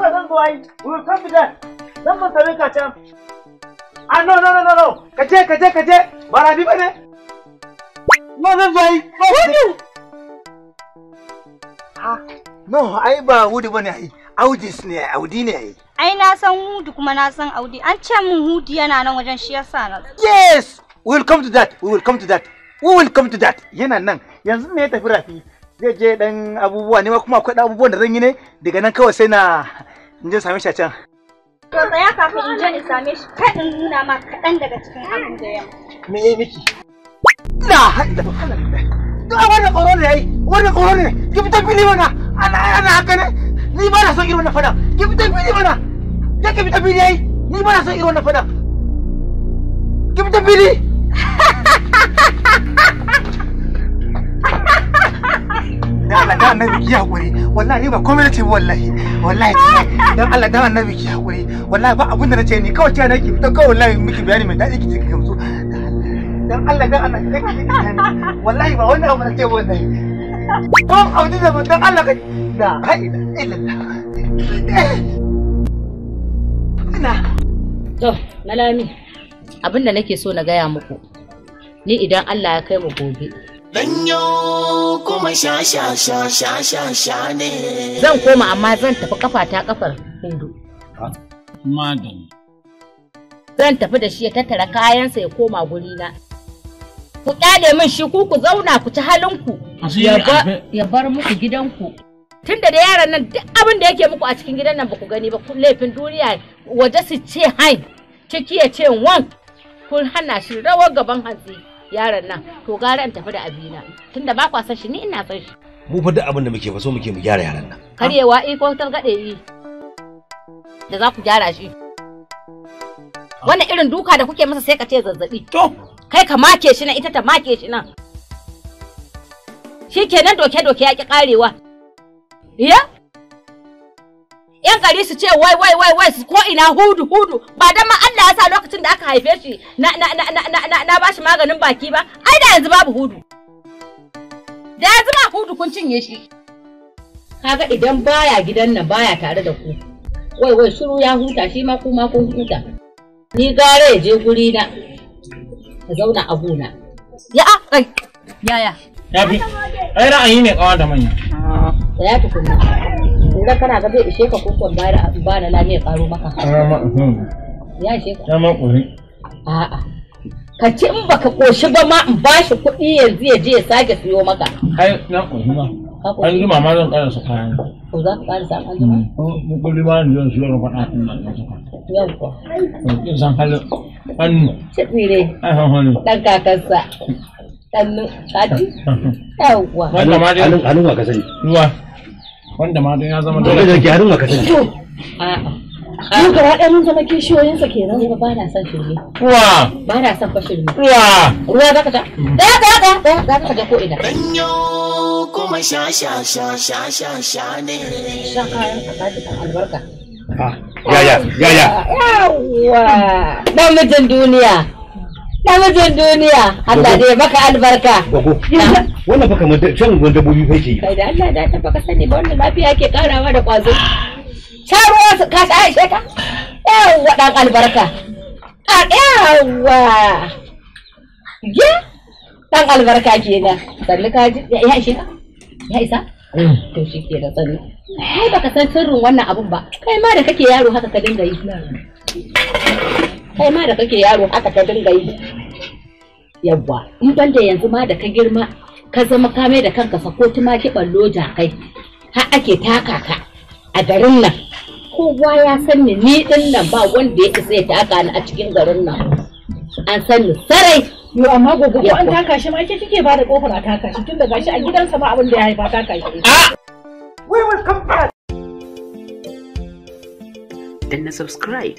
kawai zan zo ai we will come to that zan ban ka can ah no no no no no ka je ka je ka je ba rabi bane no zan zo ai ha no ai ba hudu bane ai audi ne audi ne ai ai na san hudu kuma na san audi an ce min hudu yana nan wajen shi yasa na yes we will come to that we will come to that we will come to that yana nan yanzu ne ya tafi rafi zai je dan abubuwa ne kuma akwai abubuwan da zan yi ne daga nan kawai sai na in je same shi a can to tsaya kafin in je in same shi kaɗin nuna ma kaɗan daga cikin abin da ya me ya miki la haɗa da wannan tsoro ne yayi wannan tsoro ne ki fitan fili mana ana ana haka ne ni ba na son irin wannan fada ki fitan fili mana ya ki fitan fili yayi ni ba na son irin wannan fada ki fitan fili Ya Allah, da annabi ki hakuri. wallahi ba komai nace ba wallahi wallahi dan Allah dan annabi ki hakuri wallahi ba abin da nace ni kawai ce nake to kawai wallahi miki bayani mai daɗi kike kike gamsu dan Allah dan annabi kike wallahi ba wannan da nace wallahi ko abu da dan Allah ka la haila illallah ina to malami abin da nake so na gaya muku ni idan Allah ya kai mu gobe Danyo kuma sha sha sha sha ne. Zan koma amma zan tafi kafa ta kafar hindu. Madam. Zan tafi da shi ya tattara kayansa ya koma gurina. Ku kyale min shi ku ku zauna ku ci halinku. Ya bar muku gidanku. tunda da da yaran nan duk abin da yake muku a cikin gidan nan ba ku gani ba ku laifin duniya waje su ce hai ciki ya ce wan kun hana shi rawar gaban hantsi. yaron nan to gara in tafi da abina tunda ba kwa san shi ni ina san shi mu fa duk abin da muke fa so muke mu gyara yaron nan karyewa iko gade yi da za ku gyara shi wannan irin duka da kuke masa sai ka ce zazzabi to kai ka make shi nan ita ta make shi nan shikenan doke doke ya ki karewa iya yan gari su ce wai wai wai wai ko ina hudu hudu ba dan ma Allah ya sa lokacin da aka haife shi na na na na na na bashi maganin baki ba ai da yanzu babu hudu da yanzu ba hudu kun cinye shi kaga idan baya gidan nan baya tare da ku wai wai shiru ya huta shi ma kuma kun huta ni gare ya je guri na ka zauna a gona ya a ah, kai yaya ya bi ai ra'ayi ne kawa da manya ah, ya tukunna idan kana ga zai ishe ka ko bayar ba na lami ya karo maka hmm. ya ishe ka ma kuri a'a ka ci in baka koshi ba ma in bashi kuɗi yanzu ya je ya sake siyo maka ai na kuri ma an ji mama zan ƙara su kayan ko za ka ƙara an mun hmm. kulli ma zan siyo na faɗa tun na saka yau ko zan san halin hannu ce ne ai hannu dan kakansa dan kaji ɗan wannan ma dai hannu ka sani ruwa wanda ma ya zama dole da gyarin maka ta to ah, ah. mu gaba ɗaya mun zama kishiyoyinsa kenan ne ba na san shirme wa ba na san fa shirme wa ruwa za ka ta da ɗaya ɗaya ɗaya za ka ta ko ina danyo kuma sha sha sha sha sha sha ne sha ka kayan albarka ha ah, ya ya ya ya wa ɗan mijin duniya Na namijin duniya Allah ya baka albarka gogo wannan fa kamar shan ruwan dabbobi fa yake yi kai da Allah da ta baka sani ba wannan lafiya ke karawa da kwazo sha su, ka sha aisha ka yawa dan albarka a yawa ya dan albarka kenan sallu ka ji ya ishe ya isa mm. to shi ke da tsani kai baka san sirrin wannan abun ba kai ma da kake yaro haka ka dinga yi kai ma da kake yaro haka ta dinga yi yawwa in ban da yanzu ma da ka girma ka zama ka mai da kanka sako ma ki loja kai. har ake taka ka a garin nan kowa ya san ni ni din nan ba wanda ya isa ya taka ni a cikin garin nan an san ni sarai yo amma gobe ko an taka shi ma ke kike ba da kofar a taka shi tun da gashi a gidansa ba abin da ya haifa taka shi ah! we will come back Then subscribe